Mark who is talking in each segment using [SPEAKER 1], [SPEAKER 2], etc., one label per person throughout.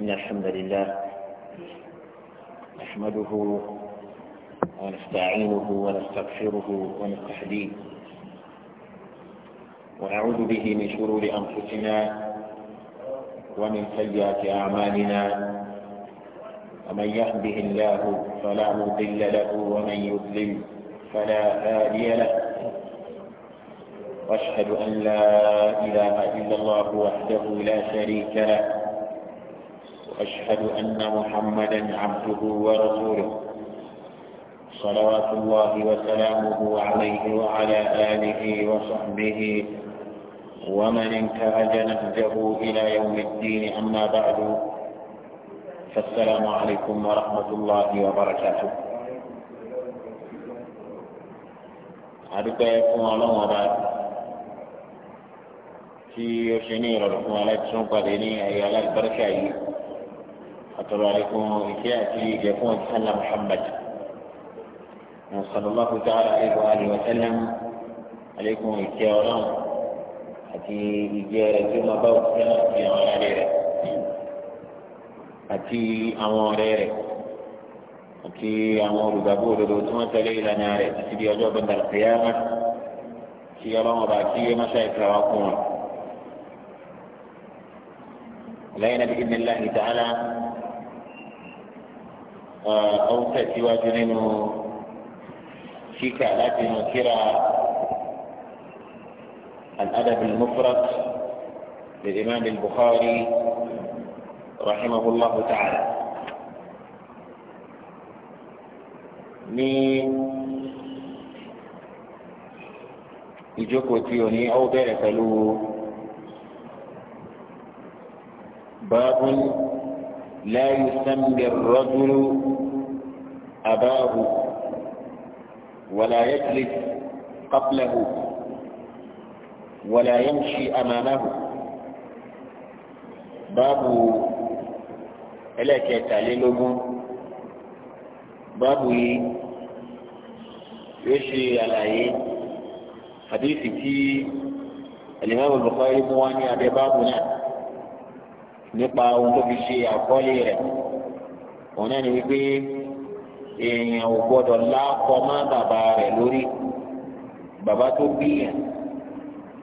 [SPEAKER 1] إن الحمد لله نحمده ونستعينه ونستغفره ونستهديه ونعوذ به من شرور أنفسنا ومن سيئات أعمالنا ومن يهده الله فلا مضل له ومن يضلل فلا هادي له واشهد ان لا اله الا الله وحده لا شريك له وأشهد أن محمدا عبده ورسوله صلوات الله وسلامه عليه وعلى آله وصحبه ومن انتهج نهجه إلى يوم الدين أما بعد
[SPEAKER 2] فالسلام عليكم ورحمة الله وبركاته àdúpẹ́ fún ọlọ́run ọba
[SPEAKER 1] في ó ṣe ní ìrọ̀lù fún aláìsàn pàdé وتبارك وكياتي يكون صلى محمد صلى الله تعالى عليه واله وسلم عليكم الكرام اتي يجي ثم بوكا في غاليره اتي اموريره اتي امور بابور ثم تلي الى ناري اتي بيجو بند القيامه في يوم باكي ما سيتراكم علينا باذن الله تعالى آه، أو تأتي واجرين فيك ألاتي نكرا الأدب المفرد للإمام البخاري رحمه الله تعالى من ìjókòó tí o ní باب
[SPEAKER 2] لا يسمي الرجل
[SPEAKER 1] اباه ولا يجلس قبله ولا يمشي امامه باب الاكيت عليهم باب يشي على حديث في الامام البخاري مواني ابي بابنا nípa ohun tó fi ṣe àkọlé rẹ̀ òun náà ni wípé èèyàn ò gbọ́dọ̀ lákọ má bàbá rẹ̀ lórí bàbá tó bí yàn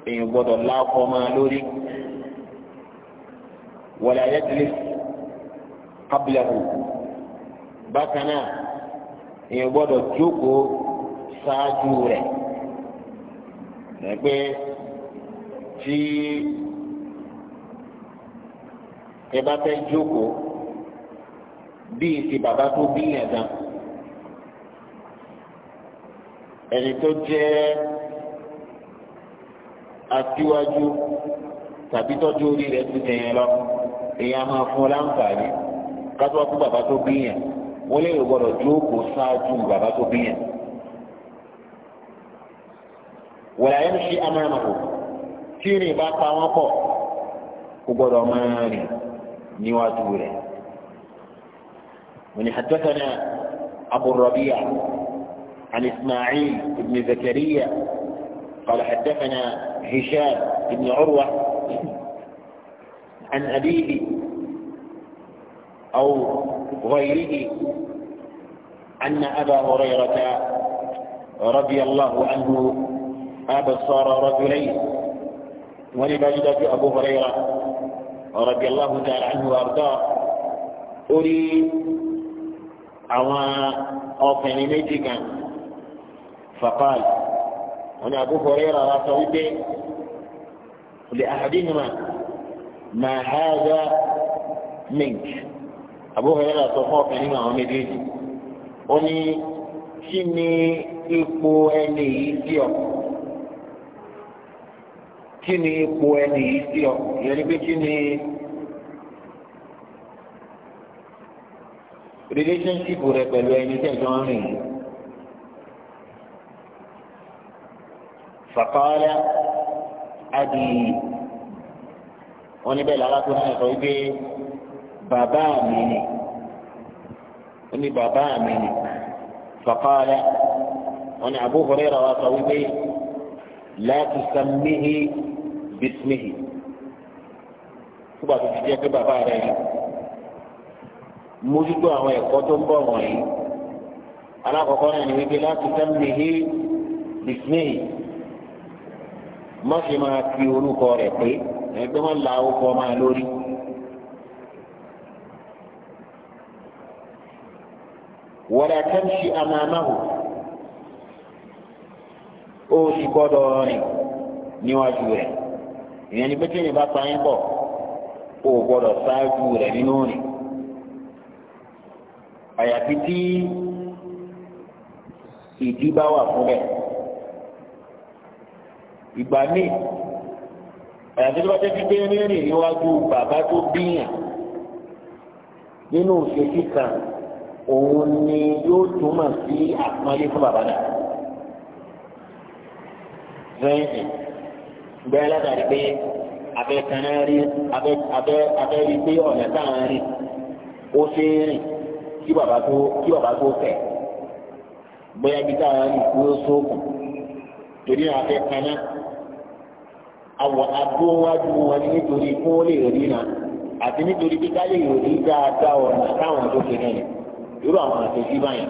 [SPEAKER 1] èèyàn ò gbọ́dọ̀ lákọ má lórí wala yajlis qablahu bákan náà èèyàn ò jókòó ṣáájú rẹ̀ lẹ́gbẹ́ tí ẹ bá fẹ́ jókòó bíi ti bàbá tó bí yẹn gan ẹni tó jẹ́ aṣíwájú tàbí tọ́jú orí rẹ̀ ti tẹ̀ yẹn lọ èèyàn máa fún ọ láǹfààní kátó wá fún bàbá tó bí yẹn wọ́n lè gbọ́dọ̀ jókòó ṣáájú bàbá tó bí yẹn. wọ́n láyé ń ṣe amáàmà o tí ìrìn bá pa wọ́n pọ̀ kò gbọ́dọ̀ máa rìn نواتورة من حدثنا أبو الربيع عن إسماعيل بن زكريا قال حدثنا هشام بن عروة عن أبيه أو غيره أن أبا هريرة رضي الله عنه أبصر رجلين ولبجدة أبو هريرة na-eji Ọ oyeaaal a aabụghịaoye ineekpo -eyi diụ kí ni ipò ẹni yìí sí ọ ìyẹn ni pé kí ni relationship rẹ pẹ̀lú ẹni tẹ̀jọ́ ń rìn yìí. فقال أبي oníbẹ̀lẹ̀ alákùnrin sọ wípé bàbá mi ni oní bàbá mi ni فقال oní Abu Hurairah wa sọ wípé لا تسميه bísímìhì fúgbà tó ti jẹ́ pé bàbá rẹ̀ mójútó àwọn ẹ̀kọ́ tó ń bọ̀ wọ̀nyí alákọ̀ọ́kọ́ náà ni wípé láti sẹ́mìhì bísímìhì má ṣe máa fi orúkọ rẹ̀ pé ẹgbẹ́ máa la orúkọ máa lórí. wọ́n dà tẹ́ǹsì àmàmáhù ó sì gbọ́dọ̀ rìn níwájú rẹ̀ ìyẹn ni pété yìí bá pa yín pọ̀ o gbọ́dọ̀ ṣáájú rẹ̀ nínú rìn àyàfi tí ìdí bá wà fún bẹ́ẹ̀ ìgbà míì àyàfi tí wọ́n tẹ́tí pé rírìn níwájú bàbá tó bíyàn nínú òṣèlú kan òun ni yóò túmọ̀ sí àpọ́nlé fún bàbá náà gbẹ́rẹ́ látàrí pé abẹ́ kanáà rí abẹ́ abẹ́ abẹ́ rí pé ọ̀nà táwọn rìn ó ṣe é rìn kí bàbá tó kí bàbá tó fẹ̀ bóyá bí táwọn rìn kú ó sóògùn torí abẹ́ kanáà àwọ̀ agbóhùnwájú wọn nítorí kó lè rí náà àti nítorí pé lè rí dáadáa ọ̀nà táwọn tó ṣe náà irú àwọn àtẹ̀sí báyìí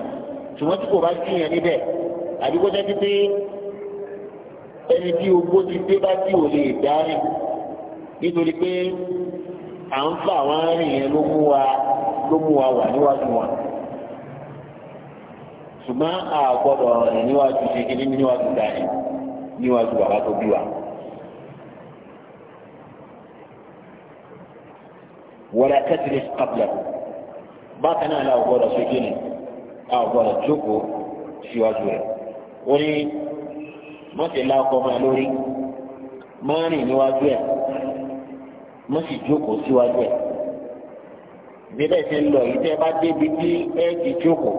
[SPEAKER 1] ṣùgbọ́n tí kò bá sí yẹn níbẹ̀ àdúgbò tẹ́tí ẹni tí ogbó ti dé bá tí ò lè dárí nítorí pé à ń fà wọn rìn yẹn ló mú wa ló mú wa wà níwájú wọn ṣùgbọ́n a gbọ́dọ̀ rìn níwájú ṣe kí níwájú dárí níwájú bàbá tó bí wa. wọ́n dà tẹ́tìlì kábílẹ̀ bákan náà làwọn gbọ́dọ̀ ṣe kí ni a jókòó síwájú rẹ̀ wọ́n ní má sì la ọkọ máa lórí má rìn níwájú ẹ̀ má sì jókòó síwájú ẹ̀ bíbẹ̀ ṣe ń lọ yìí tẹ́ bá débi tí ẹ ti jókòó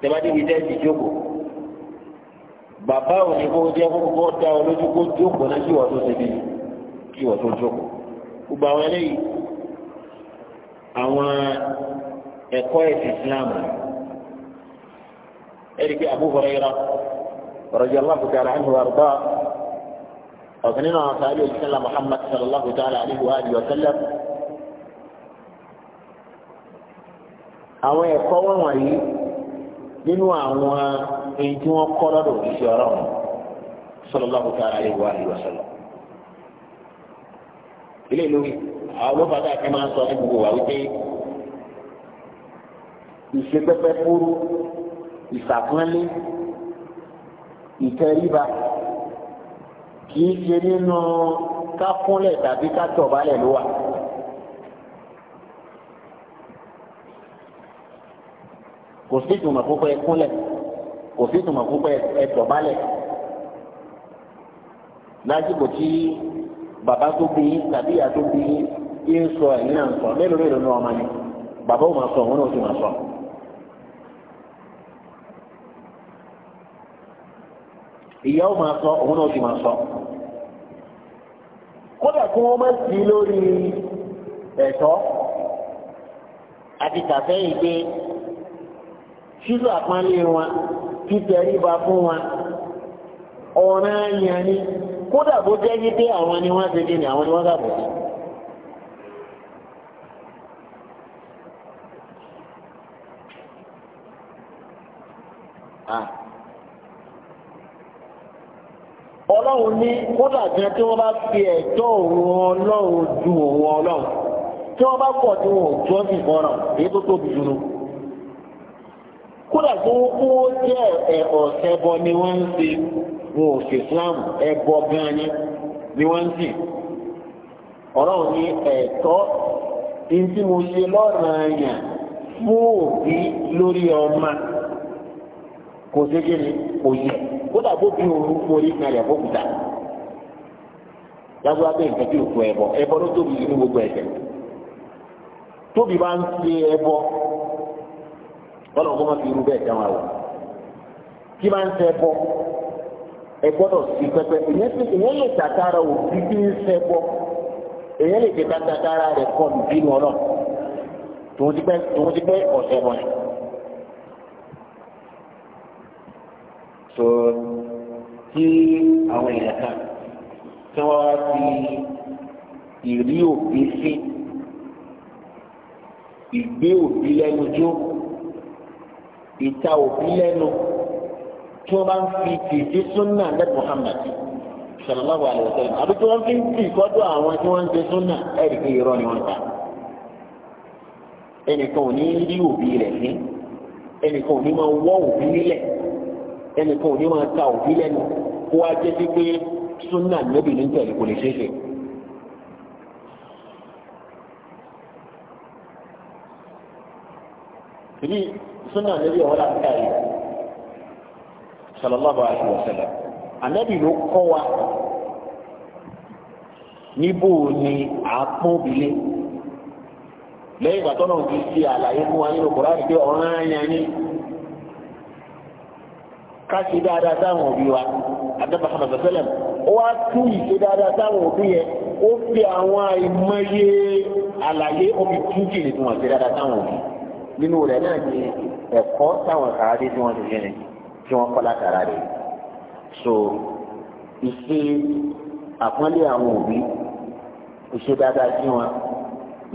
[SPEAKER 1] tẹ́ bá débi tí ẹ ti jókòó bàbá ò ní kó jẹ́ kókó dá ọ lójú kó jókòó náà kí wọ́n tó ṣe kí wọ́n tó jókòó gbogbo àwọn eléyìí àwọn ẹ̀kọ́ ẹ̀sìn Islam ẹ̀rí pé Abu Hurairah. رضي الله تعالى عنه وارضاه وكاننا صحابي وسلم محمد صلى الله تعالى عليه واله وسلم àwọn ẹ̀kọ́ wọn wọ̀nyí nínú àwọn èyí tí wọ́n kọ́ lọ́dọ̀ òṣìṣẹ́ ọlọ́run sallallahu ta'ala alaihi wa alihi wa sallam. ilé ìlú àwọn olófà tá máa ń sọ ní gbogbo wa wípé ìṣepẹ́pẹ́ fúru ìṣàpọ́nlé ìtẹríba kì í ṣe nínú kákúnlẹ̀ tàbí kátọ̀bálẹ̀ ló wà. kò sí ìtumọ̀ púpọ̀ ẹkúnlẹ̀ kò sí ìtumọ̀ púpọ̀ ẹtọ̀bálẹ̀ lásìkò tí bàbá tó bí tàbí ìyá tó bí yín sọ ẹ̀yìn náà sọ mélòó mélòó ọmọ ni bàbá ò máa sọ òun náà ò sì ìyá ó máa sọ òun náà sì máa sọ kódà kí wọ́n má sí lórí ẹ̀tọ́ àti tàfẹ́yìn pé ṣíṣọ àpánlé wọn títẹríba fún wọn ọ̀ràn yẹn ni kódà bó jẹ́ yí pé àwọn ni wọ́n ti dín ní àwọn ni wọ́n dàbò sí. kódà gan tí wọ́n bá fi ẹ̀tọ́ òun ọlọ́run ju òun ọlọ́run tí wọ́n bá pọ̀ tí wọn ò jọ́ sí ìfọ́nrán èyí tó tóbi jùlọ. kódà tí wọ́n kú ó jẹ́ ẹ̀họ̀ ẹbọ ni wọ́n ń ṣe wọn ò ṣe Islam ẹbọ gan ni ni wọ́n ń sìn. ọlọ́run ní ẹ̀tọ́ ní tí mo ṣe lọ́ràn yàn fún òbí lórí ọmọ kò ṣe kí ni kò yẹ kódà bó bí òun forí kalẹ̀ fókùtà yàgò abẹ́ nǹkan tí òkú ẹbọ ẹbọ ló tóbi nínú gbogbo ẹ̀ṣẹ̀ tóbi bá ń ṣe ẹbọ ọlọ́run kó má fi irú bẹ́ẹ̀ dáhùn àwọn tí bá ń ṣe ẹbọ ẹgbọ́dọ̀ sí pẹpẹ ìyẹn lè tàtàrà òbí tí ń ṣe ẹbọ èyàn lè tẹ̀ka dáadáa rẹ̀ kọ́ bínú ọ̀nà tòun ti pẹ́ tòun ti pẹ́ ọ̀sẹ̀ wọn. so tí àwọn èèyàn kan tí wọ́n wá fi ìrí òbí sí ìgbé òbí lẹ́nu jó ìta òbí lẹ́nu tí wọ́n bá ń fi tìjú súnà lẹ́ Muhammad sallallahu alayhi wa sallam àbí tí wọ́n fi ń tì kọ́dọ̀ àwọn tí wọ́n ń ṣe súnà ẹ̀rí pé ni wọ́n ta ẹnìkan ò ní rí òbí rẹ̀ ní ẹnìkan ò ní máa wọ́ òbí nílẹ̀ ẹnìkan ò ní máa ta òbí lẹ́nu kó wá jẹ́ sí pé súnà níbi ní tẹ̀lé kò lè ṣeé ṣe. ìdí súnà níbi ọ̀wọ́ láti ká yìí sallallahu alaihi wa sallam ànábì ló kọ́ wa níbo ni àápọ́n òbílẹ̀ lẹ́yìn ìgbà tọ́nà ti ṣe àlàyé fún wa nínú kòrán pé ọ̀ràn ayẹyẹ ká ṣe dáadáa sáwọn òbí wa adébà hamadu sẹlẹm ó wá tú ìṣe dáadáa táwọn òbí yẹn ó fi àwọn àìmọye àlàyé omi tú jìnnì tí wọn ṣe dáadáa táwọn òbí nínú rẹ̀ náà ni ẹ̀kọ́ táwọn sàárẹ tí wọn ti ṣe ni tí wọn kọ́ látara rẹ̀ so ìṣe àpọ́nlé àwọn òbí ìṣe dáadáa sí wọn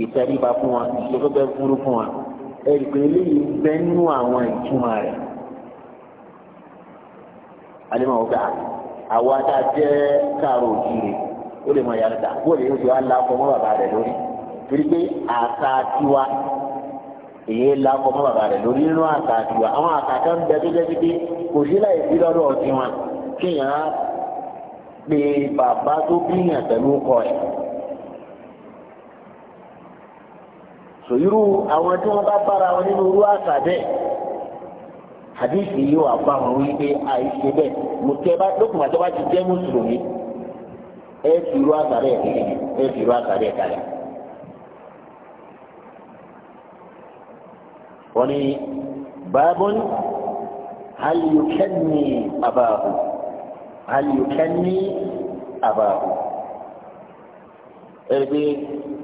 [SPEAKER 1] ìtẹríba fún wọn ìṣe tó bẹ fúru fún wọn ẹ̀rí pé eléyìí bẹ́ẹ̀ nú àwọn ìtumọ̀ rẹ̀ alẹ́mọ̀ ọgbà àwa tá a jẹ́ káàró òjìrè o lè mọ ìyá ta bó lè yóò wá la ọkọ mọ bàbá rẹ lórí torí pé àṣà tiwa èyí la ọkọ mọ bàbá rẹ lórí nínú àṣà tiwa àwọn àṣà kan bẹ tó jẹ́ pé kò sí láì sí lọ́dọ̀ ọtí wọn kéèyàn á pe bàbá tó bíyàn pẹ̀lú ọkọ rẹ̀. sòyúrú àwọn tí wọ́n bá bára wọn nínú irú àṣà bẹ́ẹ̀ àdéhìí yóò wà fún àwọn wípé àìṣe bẹ́ẹ̀ mùtẹ́ bá lókùnmá tó bá ti jẹ́ mùsùlùmí ẹ fi irú àtàrí ẹ̀ kékeré ẹ fi irú àtàrí ẹ̀ kalẹ̀. wọ́n ní báàbọ̀n alìyókẹ́ni àbáàbò alìyókẹ́ni àbáàbò. ẹ gbé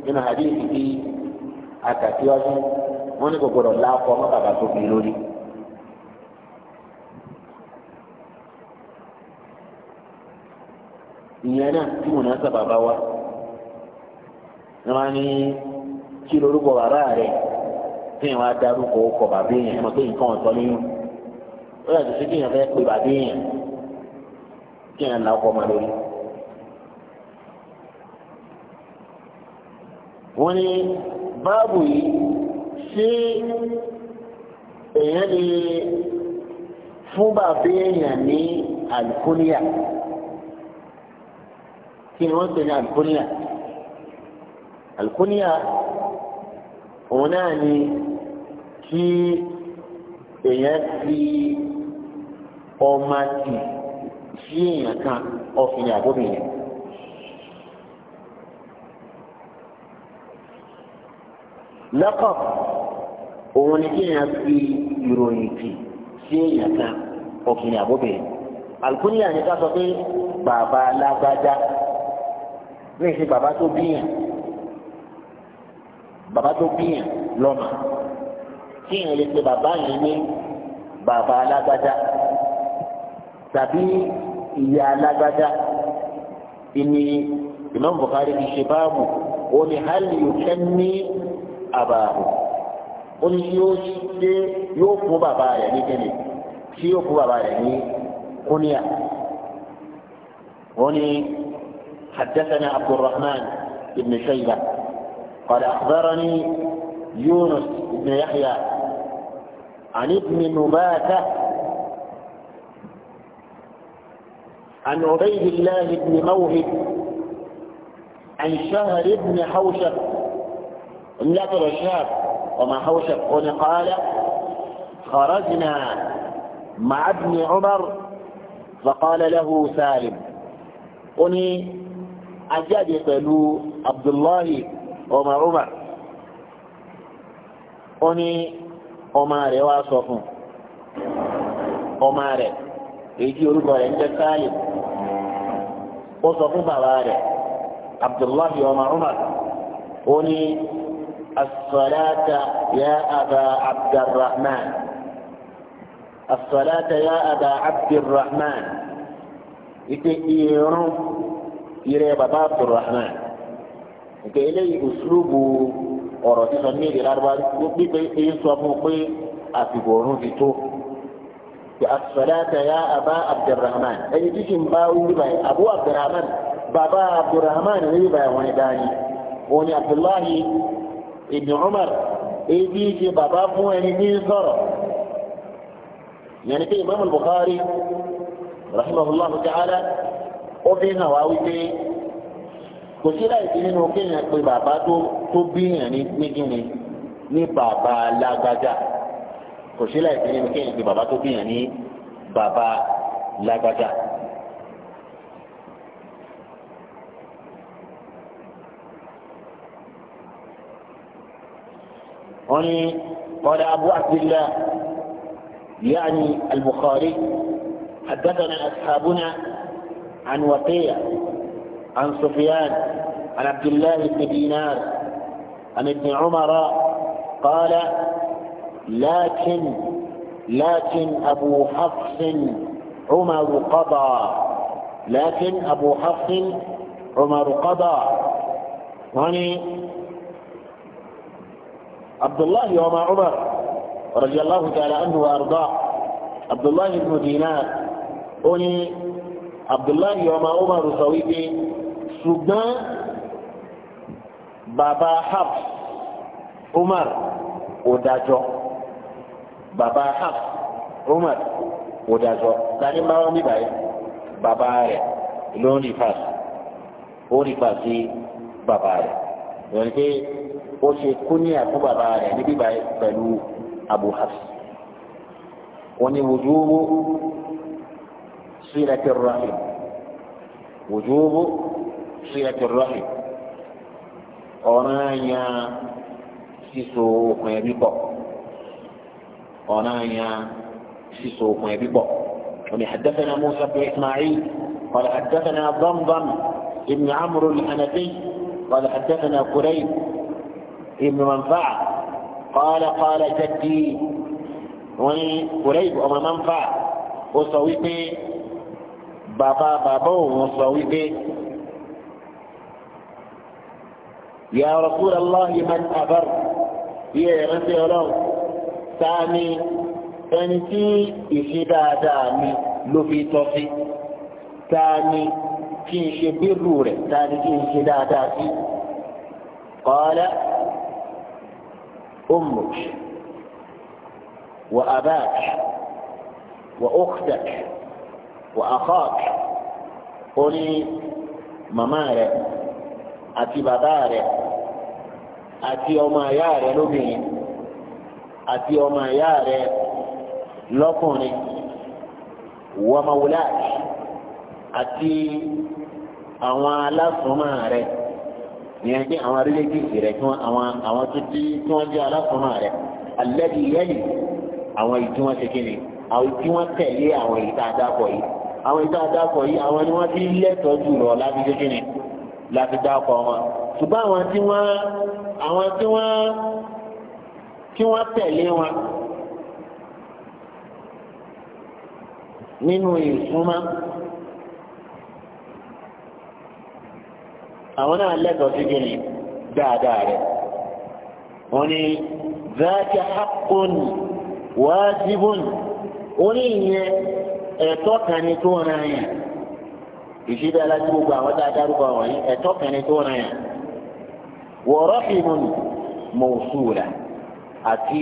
[SPEAKER 1] nínú àdéhìí bí akàtíwájú wọ́n ní kò gbọ́dọ̀ láàkọ́ mọ́ bàbá tó fi lórí. ìyẹn náà tí mò ń sábà bá wa ẹ máa ní kí lorúkọ bàbá rẹ tí ìwọ̀n adarúkọ ọkọ bàbá yẹn ẹ máa pé nǹkan ọ̀tọ̀ nínú ó yàtọ̀ sí kí fẹ́ pé bàbá yẹn kí èèyàn ọkọ máa lórí. wọ́n ní báàbù yìí ṣé èèyàn lè fún bàbá yẹn ní àlùkùnìyà kí ni wọ́n ń pè ní alkunia alkunia òun náà ni kí èèyàn fi ọmọ tì sí èèyàn kan ọ̀fìn àbóbìnrin. lọ́kọ̀ òun ni kí èèyàn fi ìròyìn tì sí èèyàn kan ọ̀fìn àbóbìnrin. alkunia ni ká sọ pé bàbá alágbájá lè ṣe bàbá tó bíyàn bàbá tó bíyàn lọ́mà kí èèyàn lè pe bàbá yẹn ní bàbá alágbájá tàbí ìyá alágbájá ìní Imam Bukhari fi ṣe báàbù ó ní hali yòókè ní àbààbò ó ní yóò ṣe yóò fún bàbá rẹ̀ ní kíni tí yóò fún bàbá rẹ̀ ní kúníà ó ní. حدثنا عبد الرحمن بن شيبة قال أخبرني يونس بن يحيى عن ابن نباتة عن عبيد الله بن موهب عن شهر بن حوشب لا الشهر وما حوشب هنا قال خرجنا مع ابن عمر فقال له سالم قني ajáde pẹ̀lú Abdullahi ọmọ Umar ó ní ọmọ rẹ̀ wá sọ fún ọmọ rẹ̀ èyí tí orúkọ rẹ̀ ń jẹ́ sáyẹ̀ ó sọ fún bàbá rẹ̀ Abdullahi ọmọ ó ní الصلاة يا أبا عبد الرحمن الصلاة يا أبا عبد الرحمن ìpè ìrún ìrẹ bàbá abdulrahman nke eleyi òṣùlùbù ọ̀rọ̀ sísọ ní èdè lárúbá gbígbé èyí sọ fún pé àsìkò òórùn ti tó ti asfalata ya aba abdulrahman ẹni tí ń bá wí báyìí abu abdulrahman bàbá abdulrahman ní wí báyìí wani dání ni abdullahi ibi umar ebi ti bàbá fún ẹni ní sọ̀rọ̀ yẹni pé imam bukhari rahimahullah ta'ala ó fi hàn wá wípé kò sí láìsí nínú kéèyàn pé bàbá tó tó bíyàn ní gbígbìnrin ní bàbá lágbájá kò sí láìsí nínú kéèyàn pé bàbá tó bíyàn ní bàbá lágbájá. هني قال أبو عبد الله يعني البخاري حدثنا أصحابنا عن وقيع عن سفيان عن عبد الله بن دينار عن ابن عمر قال لكن لكن أبو حفص عمر قضى لكن أبو حفص عمر قضى هني عبد الله وما عمر رضي الله تعالى عنه وأرضاه عبد الله بن دينار أني abdullahi ọmọ umar sọ wípé ṣùgbọ́n bàbá hafs umar ò dájọ́ bàbá hafs umar ò dájọ́ tani máa ń bíbáyé bàbá rẹ̀ ló ń rí fàṣ ó rí pa sí bàbá rẹ̀ lórí pé ó ṣe kúnyà fún bàbá rẹ̀ níbí báyìí pẹ̀lú Abu Hafs wọn ni wujubu صلة الرحم وجوب صلة الرحم ọ̀ràn سيسوق ما يبقى ẹbí سيسوق ما يبقى síso ومن حدثنا موسى بن اسماعيل قال حدثنا ضمضم ابن عمرو الحنفي قال حدثنا قريب ابن منفعه قال قال جدي قريب ومن منفعه وصويته bàbá bàbá òun sọ wípé ya Rasulullah man abar yẹ ẹ̀rántí ọlọ́run sáà ni ẹni tí ìṣe dáadáa mi ló fi tọ́ sí sáà ni kí n ṣe bírù rẹ̀ sáà ni kí n ṣe dáadáa sí qala ummuk wa abak wa ukhtak. وأخاك أولي ممارك أتي بدارك أتي أما ياري لبين أتي أما ياري لكوني ومولاك أتي àwọn alásùnmọ́ rẹ̀ ìyẹn pé àwọn arílẹ̀kìsì rẹ̀ àwọn tó tí tí wọ́n jẹ́ alásùnmọ́ rẹ̀ alẹ́bí yẹ́lì àwọn èyí tí wọ́n ṣe kí ni àwọn tí wọ́n tẹ̀lé àwọn èyí tá yìí àwọn ìta àdàkọ̀ yìí àwọn ni wọ́n ti lẹ́tọ̀ọ́ jùlọ láti ṣe kíni láti dákọ̀ wọn ṣùgbọ́n àwọn tí wọ́n àwọn tí wọ́n tí wọ́n tẹ̀lé wọn nínú ìsúnmọ́ àwọn náà lẹ́tọ̀ọ́ sí kíni dáadáa rẹ̀ wọ́n ní zaaki haqqun wájibun oníyẹn ẹ̀tọ́ kan ni tó ràn yàn ìṣẹ̀dá alájú gbogbo àwọn tá a dárúkọ wọ̀nyí ẹ̀tọ́ kan ni tó ràn yàn wọ̀rọ̀ ìmùn mọ̀ọ́sùlà àti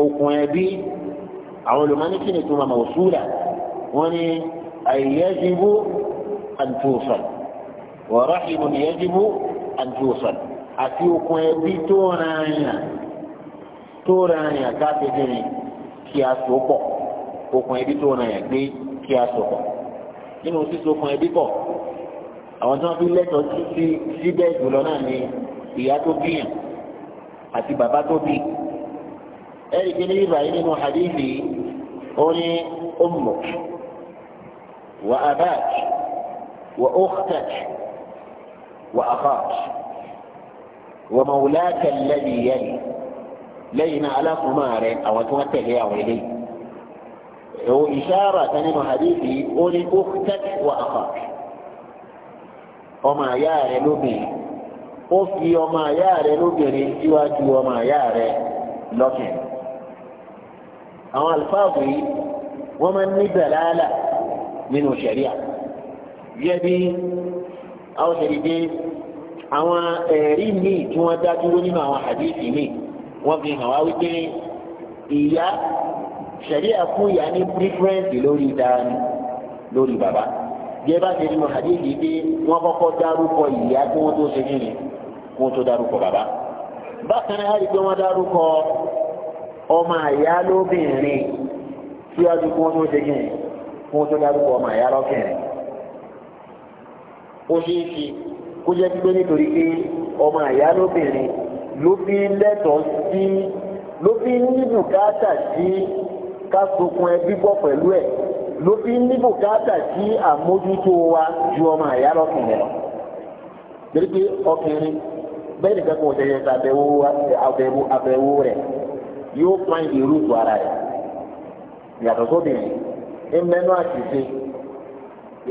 [SPEAKER 1] okùn ẹbí àwọn olùmọ̀nìkì ni tó máa mọ̀ọ́sùlà wọ́n ní àyẹ̀yẹ́sìnbó àtúnṣàn wọ̀rọ̀ ìmùn yẹ́sìnbó àtúnṣàn àti okùn ẹbí tó ràn yàn tó ràn yàn káfíńtì kí a so pọ̀ okùn ẹbí tó ọ̀nà yẹn gbé kí a sọ̀kọ̀ nínú sísokùn ẹbí pọ̀ àwọn tí wọ́n fi lẹ́tọ̀ọ́ sí síbẹ̀ jùlọ náà ni ìyá tó bíyàn àti bàbá tó bí ẹ̀rí kí ní bíbá yìí nínú hadithi ó ní ummuk wa abak wa ukhtak wa akhak wa mawulaka alladhi yali lẹ́yìn náà alákùnmá rẹ̀ àwọn tí wọ́n tẹ̀lé àwọn eléyìí. هو إشارة كان حديثي قولي أختك وأخاك وما ياري لبي قفي وما ياري لبي سواك وما ياري لكن أما الفاضي ومن ندلالة من شريعة يبي أو شريدين أو ريمي míì مع wọ́n dá dúró nínú àwọn sẹ̀rí àkún ìyá ní pírífẹ́ǹsì lórí dání lórí bàbá jẹ́ bá ṣe nínú àdéhìí pé wọ́n kọ́kọ́ dárúkọ ìyá kí wọ́n tó ṣe kí ni kí wọ́n tó dárúkọ bàbá bákan náà rí pé wọ́n dárúkọ ọmọ àyá lóbìnrin síwájú kí wọ́n tó ṣe kí ni kí wọ́n tó dárúkọ ọmọ àyá lọ́kùnrin ó ṣeé ṣe kó jẹ́ pípé nítorí pé ọmọ àyá lóbìnrin ló fi lẹ́tọ̀ọ́ sí ló fi ní bùkátà sí ká sokun ẹbí bọ̀ pẹ̀lú ẹ̀ ló fi ń níbò káàtà sí àmójútó wa ju ọmọ àyà lọ́kùnrin lọ. torí pé ọkùnrin bẹ́ẹ̀ nìkan kò jẹjẹ àbẹ̀wò àbẹ̀wò àbẹ̀wò rẹ̀ yóò pan ìrúkú ara rẹ̀ yàtọ̀ sóbìnrin ń mẹ́nu àṣìṣe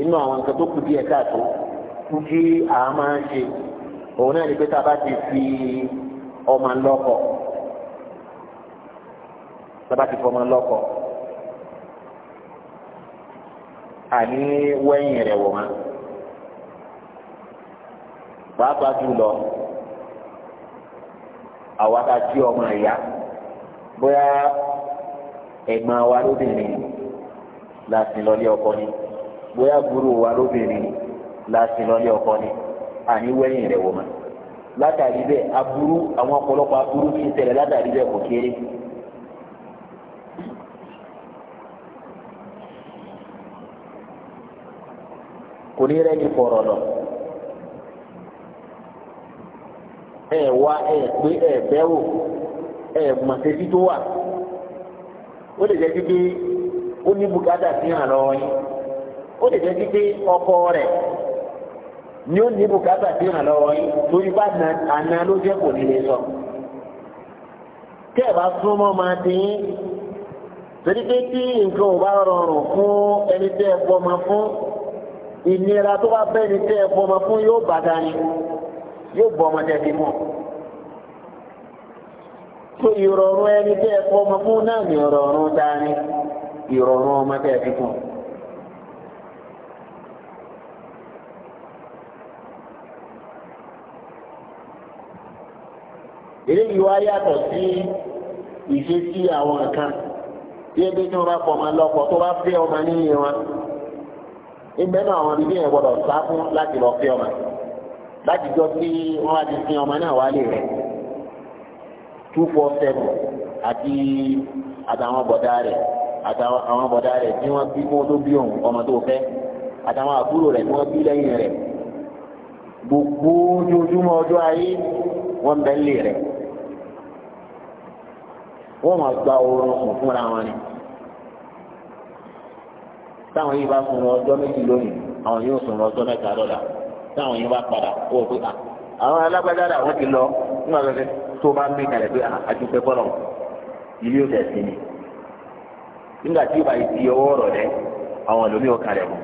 [SPEAKER 1] inú àwọn nǹkan tó kù díẹ̀ káàtó kí a máa ń ṣe òun náà ni pé tá a bá ti fi ọmọ lọ́kọ̀ọ́ sábà ti fọmọ lọ́kọ àní wẹ́yìn rẹ̀ wọ̀ mọ́ pàápàá jùlọ àwa ta jí ọmọ ìyá bóyá ẹ̀gbọ́n wa lóbìnrin la sìn lọ́lé ọkọ ni bóyá burú wa lóbìnrin la sìn lọ́lé ọkọ ni àní wẹ́yìn rẹ̀ wọ̀ mọ́ látàrí bẹ́ẹ̀ aburú àwọn ọ̀pọ̀lọpọ̀ aburú ti tẹ̀lé látàrí bẹ́ẹ̀ kò kéré. kò ní rẹ́ni kọ̀rọ̀ lọ. ẹ wá ẹ pé ẹ bẹ́wò ẹ tó wà ó lè jẹ́ pípé ó ní bukata sí hàn lɔ ó lè jẹ́ pípé ọkọ rẹ̀ ni ó ní bukata sí hàn lọ́wọ́ yín torí bá ló jẹ́ kò ní máa dín tí nǹkan ò bá rọrùn fún ẹni ìnira tó bá bẹ́ẹ̀ tẹ́ bọ́mọ fún yóò bá dání yóò bọ́ ọmọ mọ́ tó ìrọ̀rùn ẹni tẹ́ bọ́mọ fún náà ní ìrọ̀rùn dání ìrọ̀rùn ọmọ mọ́. eléyìí wá yàtọ̀ sí ìṣesí àwọn tí bá tó bá ọmọ ìgbẹ́ náà àwọn ibi yẹn gbọ́dọ̀ sá fún láti lọ fi ọmọ láti jọ sí wọn láti fi ọmọ náà wálé rẹ̀ two four seven àti àtàwọn bọ̀dá rẹ̀ àtàwọn bọ̀dá rẹ̀ tí wọ́n bí kó tó bí òun ọmọ tó fẹ́ àtàwọn àbúrò rẹ̀ tí wọ́n bí lẹ́yìn rẹ̀ gbogbo ojoojúmọ́ ọjọ́ ayé wọ́n ń bẹ lé rẹ̀ wọ́n máa gba oorun sùn fúnra wọn ni táwọn yìí bá sun ọjọ́ méjì lónìí àwọn yóò sun ọjọ́ mẹ́ta lọ́la táwọn yìí bá padà ó pé à ah, àwọn alágbádá rà wọ́n ti lọ nígbà tó tó bá mí kalẹ̀ pé àdúpẹ́ ah, bọ́lọ̀ ilé òtẹ̀ sí ni nígbà tí ìbá yìí ti ọwọ́ rọ̀ lẹ́ àwọn ẹlòmíì ọkà rẹ̀ mọ́.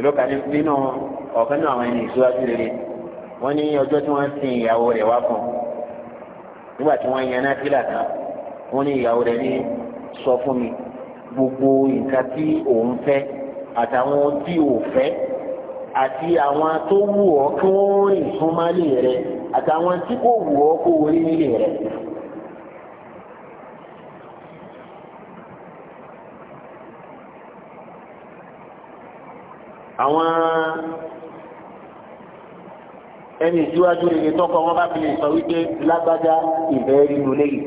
[SPEAKER 1] ìlọ́kà nínú ọ̀kan náà àwọn ẹni ìṣúwájú rere wọ́n ní ọjọ́ tí wọ́n sin ìyàwó rẹ̀ wá fún un nígbà tí wọ́n yan náà sílà tán wọ́n ní ìyàwó rẹ̀ ní sọ fún mi gbogbo nǹkan tí òun fẹ́ àtàwọn tí ò fẹ́ àti àwọn tó wù ọ́ kí wọ́n rìn súnmọ́lé rẹ àtàwọn tí kò wù ọ́ kó rí nílé rẹ. àwọn ẹni ìṣíwájú rere tọkọ wọn bá fi lè sọ wípé lágbájá ìbẹ́ẹ́rí nulẹ̀ yìí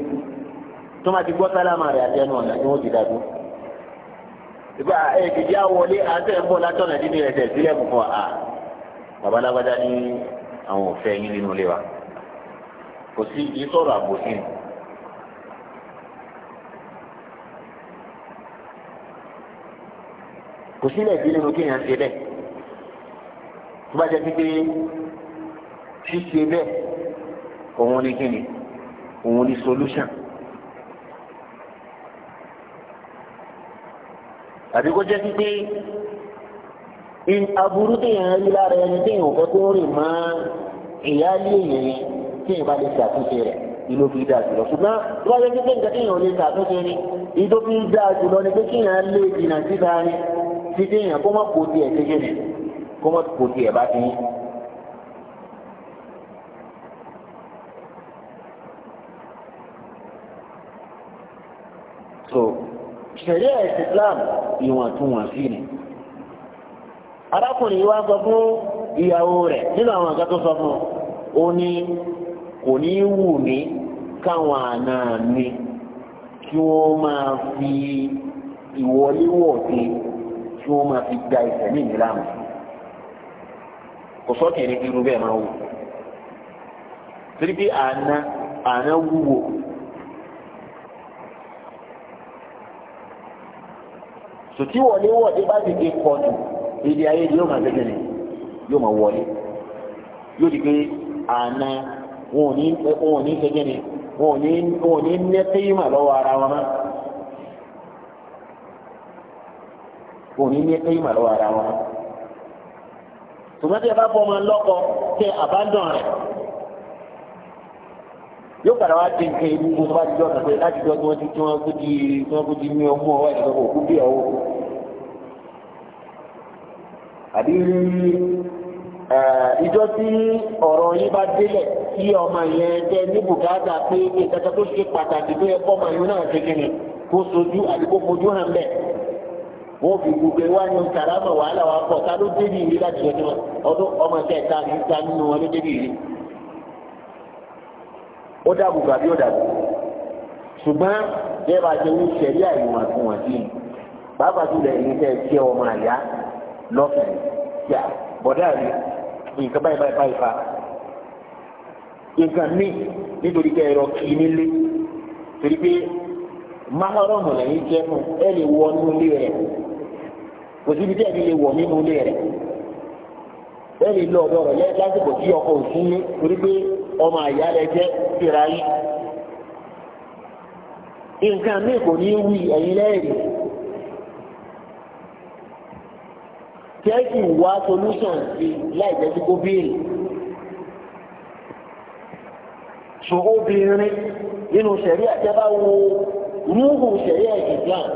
[SPEAKER 1] tó máa ti gbọ́ sálámà rẹ̀ àti ẹnu ọ̀nà tí wọ́n ti dàgbó. ìgbà èkìtì àwọlé àti ẹ̀ńbọ̀ látọ̀nà dídí ẹsẹ̀ sílẹ̀ fún wa ah, babalágbádá ní àwọn òfẹ́ yín nínú ilé wa kò sí ìsọ̀rọ̀ àbòsí nù. kò sílẹ̀ ìdílé mi kéèyàn ṣe bẹ́ẹ̀ tó bá jẹ́ pípé ṣíṣe bẹ́ẹ̀ òun ni kíni òun ni solution. àbí kó jẹ́ pípé aburú téèyàn rí lára ẹni téèyàn ò fẹ́ kó rìn mọ́ ìyáálé èèyàn yẹn téèyàn bá lè ṣàtúnṣe rẹ̀ ìlú fi dáa jùlọ ṣùgbọ́n tó bá yẹ kí pé nǹkan téèyàn ò lè ṣàtúnṣe ni ìlú fi dáa jùlọ ni pé kéèyàn lè dìnà síta ni ti téèyàn kó má kó tiẹ̀ kéèké ni kó má kó tiẹ̀ bá ti yín. so isere esi islam ni wọn tun wà si ni alakwari iwa gafo ni iya o re ninu awon aga to sofna o wu ne ka ana ni ki o ma fi iwo iwote ki ma fi gba ise ni iramu oso teere ti ruben ha uzi tiribina ana wuwo. sòtí wọlé wọlé bá ti dé pọ̀ jù èdè ayé yóò máa gbẹ́gbẹ́ ni yóò máa wọlé yóò di pé àná wọn ò ní wọn ò ní gbẹ́gbẹ́ ni wọn ò ní wọn ò ní nẹ́tẹ́ ìmọ̀ lọ́wọ́ ara wọn mọ́ wọn ò ní nẹ́tẹ́ ìmọ̀ lọ́wọ́ ara wọn mọ́ tòmátì ẹ bá fọ ọmọ lọ́kọ tẹ àbádọ́n rẹ̀ yóò padà wá di nǹkan ìlú gbogbo bá ti jọ kàn pé láti jọ tí wọ́n ti tí wọ́n kú di tí wọ́n kú di mí ọmọ ọwọ́ ẹ̀ lọ́wọ́ òkú bí ọwọ́. àbí ìjọ tí ọ̀rọ̀ yín bá délẹ̀ tí ọmọ yẹn jẹ́ ní bùkátà pé ìtajà tó ṣe pàtàkì tó yẹ kọ́ ọmọ yẹn náà ṣe kìnnì kó sojú àti kó fojú hàn bẹ́ẹ̀. wọ́n fi gbogbo wá ní kàrámọ̀ wàhálà wa pọ̀ ká ló dé ní láti jọ ó dàbò gàbí ó dàbò ṣùgbọ́n bẹ́ẹ̀ bá ṣe ní ṣẹ̀rí àìmọ̀ fún wọn sí i bàbá tó lẹ̀ ní kẹ́ ẹ jẹ́ ọmọ àyá lọ́fẹ̀ẹ́ yà bọ̀dá mi nǹkan báyìí báyìí báyìí fa nǹkan míì nítorí kẹ́ ẹ lọ kì í nílé torí pé maharọ́mù lẹ́yìn jẹ́ fún ẹ lè wọ inú ilé rẹ̀ kò síbi tí ẹ lè wọ nínú ilé rẹ̀ ẹ lè lọ ọ̀dọ̀ rẹ̀ lásìkò tí ọkọ̀ òsínlé torí pé ọmọ àyálẹ jẹ́ síra yín nǹkan míì kò ní wí ẹ̀yin lẹ́yìn kẹ́ẹ̀kì wá solution sí láì jẹ́ sí kó béèrè so obìnrin nínú sẹ̀rí àjẹbá wo rúhù sẹ̀rí Islam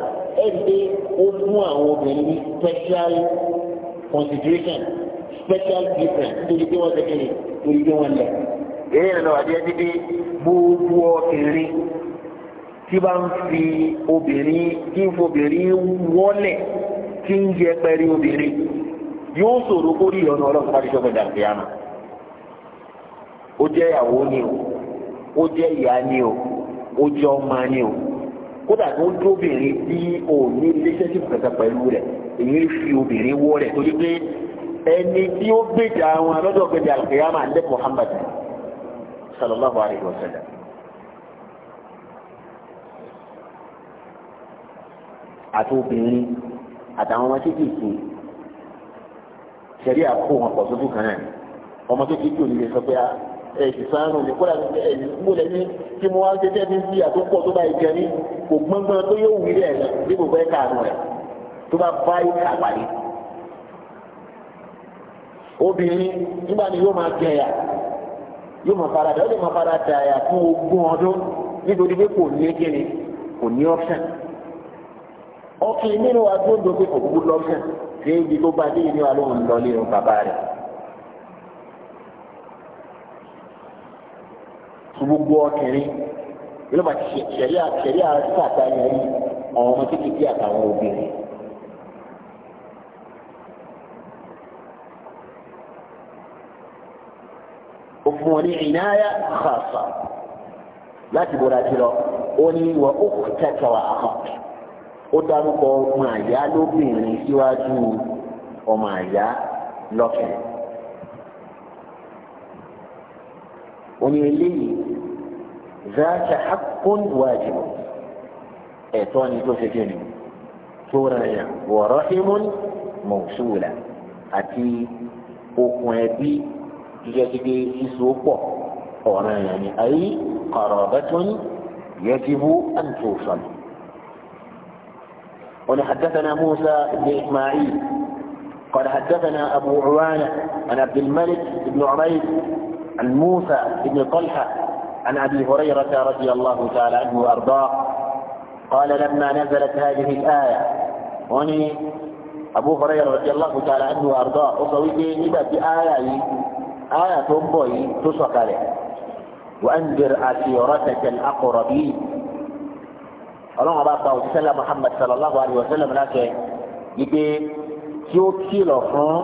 [SPEAKER 1] ẹ̀rí pé ó fún àwọn obìnrin ní special consideration special difference torí pé wọ́n ṣe kéde torí pé wọ́n lẹ̀. eré ìrìnà àjẹ́ dídé gbogbo ọkùnrin tí bá ń fi obìnrin tí ń wọlé tí ń jẹ pẹ́rí obìnrin yóò ṣòro kó rí ọ̀nà ọlọ́run bá dìjọ́ gbẹ̀dà ìyá nù ó jẹ́ ìyàwó ni o ó jẹ́ ìyá ni o ó o kódà tó ń dóbìnrin o ní fi obìnrin torí pé ẹni tí ó gbèjà wọn lọ́dọ̀ gbèjà sallallahu alaihi wa sallam. àti obìnrin àtàwọn ọmọ títí ìsìn ṣẹlẹ̀ àpò wọn pọ̀ sójú kan náà ọmọ tó ti dùn nílé sọ pé ẹ̀sìn sáárùn ní kódà ẹ̀yìn mo lẹ ní tí mo wá ń tẹ́tẹ́ ní bí àtúpọ̀ tó bá ìjẹ ní kò gbọ́ngbọ́n tó yóò wí rẹ̀ bí kò fẹ́ káàánú rẹ̀ tó bá bá ìka àpàdé obìnrin nígbà ni yóò máa jẹyà yóò máa fara dà ó lè máa fara dà yà fún ogún ọdún nítorí pé kò ní kíni kò ní option ọkì nínú agbóńdó pé kò gbúdọ̀ option ṣé ibi tó bá dé inú alóhùn lọlé o bàbá rẹ̀. gbogbo ọkùnrin yóò máa ṣẹ̀rí àṣàtà yẹn ọmọ títí bí àtàwọn obìnrin. ó fún wọn ní ìnáyà xaasa láti bọ̀dá ti lọ ó ní wà ó tẹ̀tẹ̀ wà áhà ó dárúkọ ọmọ àyá lóbìnrin síwájú ọmọ àyá lọ́kẹ̀ẹ́. ó ní eléyìí zaaka haqqun wajib ẹ̀tọ́ ni tó ṣe kéde tó rẹ̀ wọ̀rọ̀ himun mọ̀ṣúlà àti okùn ẹbí. يجب يسوق pé يعني أي قرابة يجب أن توصل ayé موسى بن إسماعيل tusal. قال حدثنا أبو عوانة عن عبد الملك بن عمير عن موسى بن طلحة عن أبي هريرة رضي الله تعالى عنه وأرضاه قال لما نزلت هذه الآية وني أبو هريرة رضي الله تعالى عنه وأرضاه وصويته إذا في آية àyà tó ń bọ̀ yìí tó sọ̀kalẹ̀ wà á ń bẹ̀rẹ̀ àti ọ̀rọ̀ tẹ̀tẹ̀ akọ̀rọ̀ bíi ọlọ́run ọba pa òṣìṣẹ́lá Muhammad sallallahu alayhi wa sallam láṣẹ wípé tí ó kìlọ̀ fún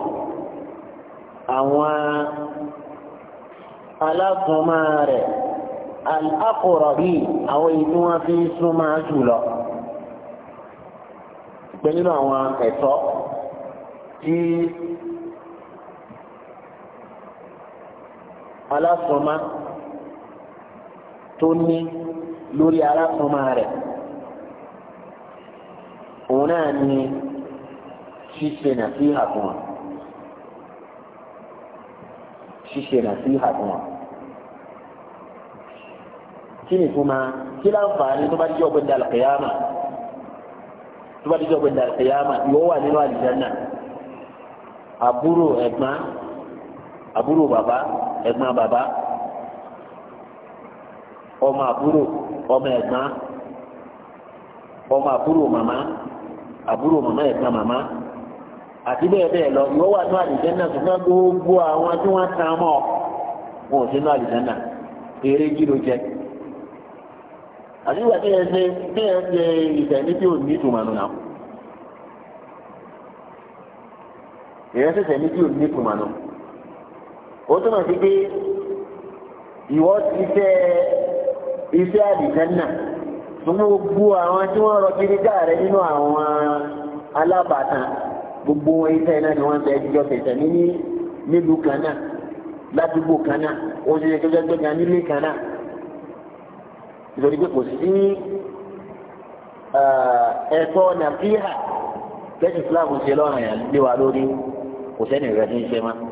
[SPEAKER 1] àwọn alákùnmá rẹ̀ akọ̀rọ̀ bíi àwọn èyí tí fi súnmọ́ jùlọ pé nínú àwọn ẹ̀tọ́ tí alásọmá tó ní lórí alásọmá rẹ̀ òun náà ni ṣíṣe nàṣíhà fún wa ṣíṣe nàṣíhà fún wa kí ni fún ma kí láǹfààní tó bá jẹ́ ọ̀gbẹ́ni alàkẹ́yàmà tó bá jẹ́ ọ̀gbẹ́ni alàkẹ́yàmà yóò wà nínú àlìjánnà àbúrò ẹ̀gbọ́n àbúrò bàbá ẹ̀gbọ́n bàbá ọmọ àbúrò ọmọ ẹ̀gbọ́n ọmọ àbúrò màmá àbúrò màmá ẹ̀gbọ́n màmá àti bẹ́ẹ̀ bẹ́ẹ̀ lọ ìwọ wà ní àlìjẹ́nà ṣùgbọ́n gbogbo àwọn tí wọ́n tan mọ́ wọn ò sínú àlìjẹ́nà eré jíro jẹ àti ìgbà tí ẹ ṣe bẹ́ẹ̀ ṣe ìtẹ̀lé tí ò ní ìtumọ̀ nù náà èyí ṣẹ̀ṣẹ̀ ní tí ò ní ìtumọ̀ nù náà ó túmọ̀ sí pé ìwọ iṣẹ́ iṣẹ́ àdìjánà fún gbogbo àwọn tí wọ́n rọ kiri káàrẹ nínú àwọn alábàtàn gbogbo wọn iṣẹ́ náà ni wọ́n ń bẹ ẹjọ́ tẹ̀tẹ̀ ní nílùú kan náà ládùúgbò kan náà wọ́n ṣe kẹjọ gbẹ̀gà nílé kan náà nítorí pé kò sí ẹ̀tọ́ nàfíà kẹ́sì Islam ṣe lọ́rùn yà lé wa lórí kò sẹ́ni rẹ̀ ní iṣẹ́ máa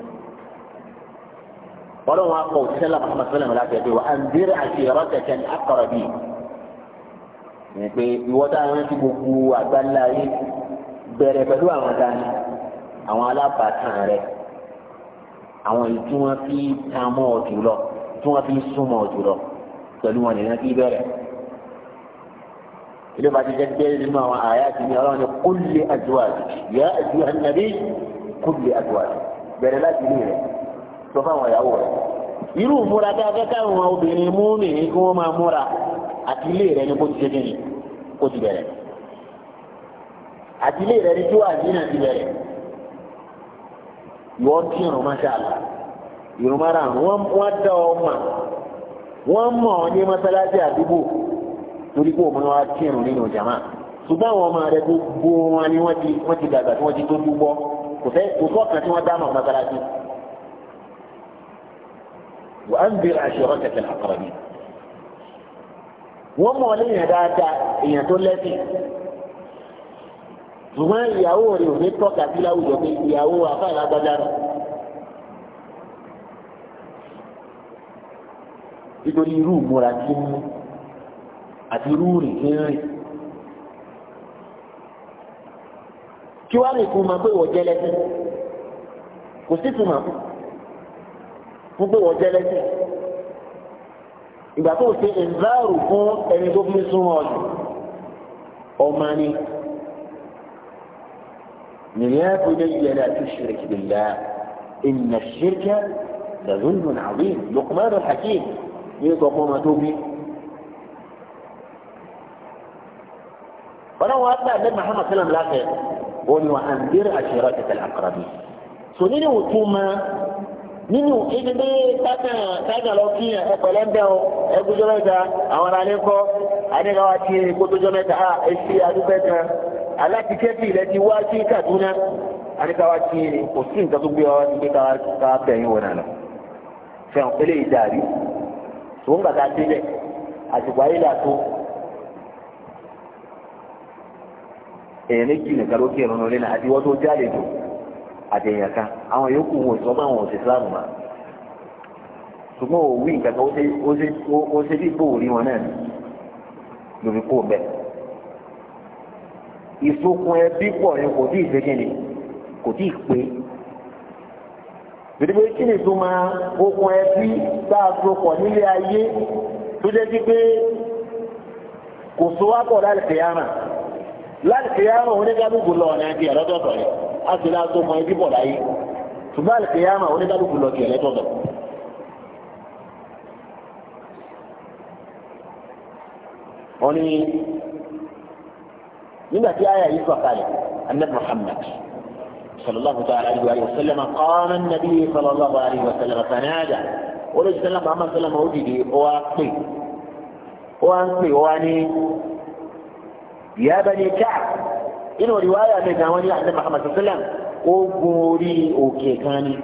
[SPEAKER 1] ọlọ́run akọ òṣìṣẹ́lá pàṣẹ sọ́lá mi láti ẹgbẹ́ wa à ń bèrè àti ìrọ́tẹ̀ kẹ́ni akọ̀rọ̀ bíi ní pé ìwọ́ tá a rántí gbogbo àgbáńlá yìí bẹ̀rẹ̀ pẹ̀lú àwọn dání àwọn alábàtàn rẹ̀ àwọn èyí tí wọ́n fi tan mọ́ ọ jùlọ tí wọ́n fi súnmọ́ ọ jùlọ pẹ̀lú wọn nìyẹn kí bẹ̀rẹ̀ ilé bá ti jẹ́ bẹ́ẹ̀ nínú àwọn àyà ti ní ọlọ́run ní kulli azwaj yá àjùwà nàbí kulli azwaj bẹ̀rẹ̀ láti ní rẹ̀ sọ fáwọn ìyàwó rẹ̀ irú ìmúra tá a fẹ́ káwọn obìnrin mú nìyí kí wọ́n máa múra àti ilé rẹ̀ ni kó ti ṣe ni kó ti bẹ̀rẹ̀ àti ilé rẹ̀ ni tí wàá dínà ti bẹ̀rẹ̀ ìwọ ń kírun máṣá àlá ìrùn mara wọ́n dá ọ mà wọ́n mọ̀ ọ́ ní mọ́sálásí àdúgbò torí pé òun wá kírun nínú jàmá ṣùgbọ́n àwọn ọmọ rẹ gbogbo wọn ni wọ́n ti dàgbà tí wọ́n ti tó dúgbọ́ kò sọ́kàn tí wọ́n وأنذر عشيرتك الأقربين wọ́n mọ̀ lẹ́yìn dáadáa èèyàn tó lẹ́sìn ṣùgbọ́n ìyàwó rẹ̀ ò ní tọ́ka sí láwùjọ pé ìyàwó afáàlà gbádára nítorí irú ìmúra tí ń mú àti irú rìn tí ń rìn kí wàá lè fún ma pé wọ́n jẹ́ lẹ́sìn kò sí fún ma fún. fún pé wọ́n jẹ́lẹ́sẹ̀ ìgbà tó ṣe ìzáàrù fún ẹni tó fi sún ọjọ́ ọmọ ni nìyẹn kò ní ilẹ̀ láti ṣìrìkì bìlá ìnà ṣìrìkà لظلم عظيم لقمان الحكيم يقول قوم توبي ولو أتى النبي محمد صلى الله عليه وسلم قل وأنذر عشيرتك الأقربين سنين وتوما nínú ibi bí tájà lọ kí yẹn ẹ̀pẹ̀lẹ́ ẹgbẹ́jọ́ mẹ́ta àwọn aráàlú kọ́ adékáwá mẹ́ta a èsì àdúgbò kan aláti kẹ́fì ti wá sí Kaduna kò sí nǹkan tó gbé ọ káwá bẹ̀yìn fẹ́ràn pélé ìdàrí tó ń délẹ̀ làtó èèyàn méjì nìkan ló kí náà àti wọ́n tó jáde àtẹ̀yìn kan àwọn yòókù wọn ìtọ́ máa wọn ìsìlámù mà ṣùgbọ́n òwú nǹkan kan ó ṣe bí gbòò rí wọn náà ni lórí kó bẹ́ẹ̀. ìsokùn ẹbí pọ̀ ni kò tí ì ṣe kí ni kò tí ì pé gbèdégbè kí ni tó máa okùn ẹbí tá a so pọ̀ nílé ayé tó jẹ́ sí pé kò so pọ̀ láti fi hàn láti fi hàn oníkálukú lọ ọ̀nà ẹbí ẹ̀rọ tó sọ̀rọ̀ àtìlá tó mọ ibi bọ̀ láyé ṣùgbọ́n àlùkìyàmà oníkálukú lọ tiẹ̀ lẹ́tọ̀ọ̀tọ̀. wọ́n ní nígbà tí àyà yìí sọ̀kalẹ̀ annabi muhammad صلى الله تعالى عليه وسلم قام النبي صلى الله عليه وسلم فنادى ولج سلم عما سلم وجدي وأقصي وأنصي وأني يا بني كعب inú riwaya mi gan wọn ní àti Muhammad sallam ó gun orí òkè kan ní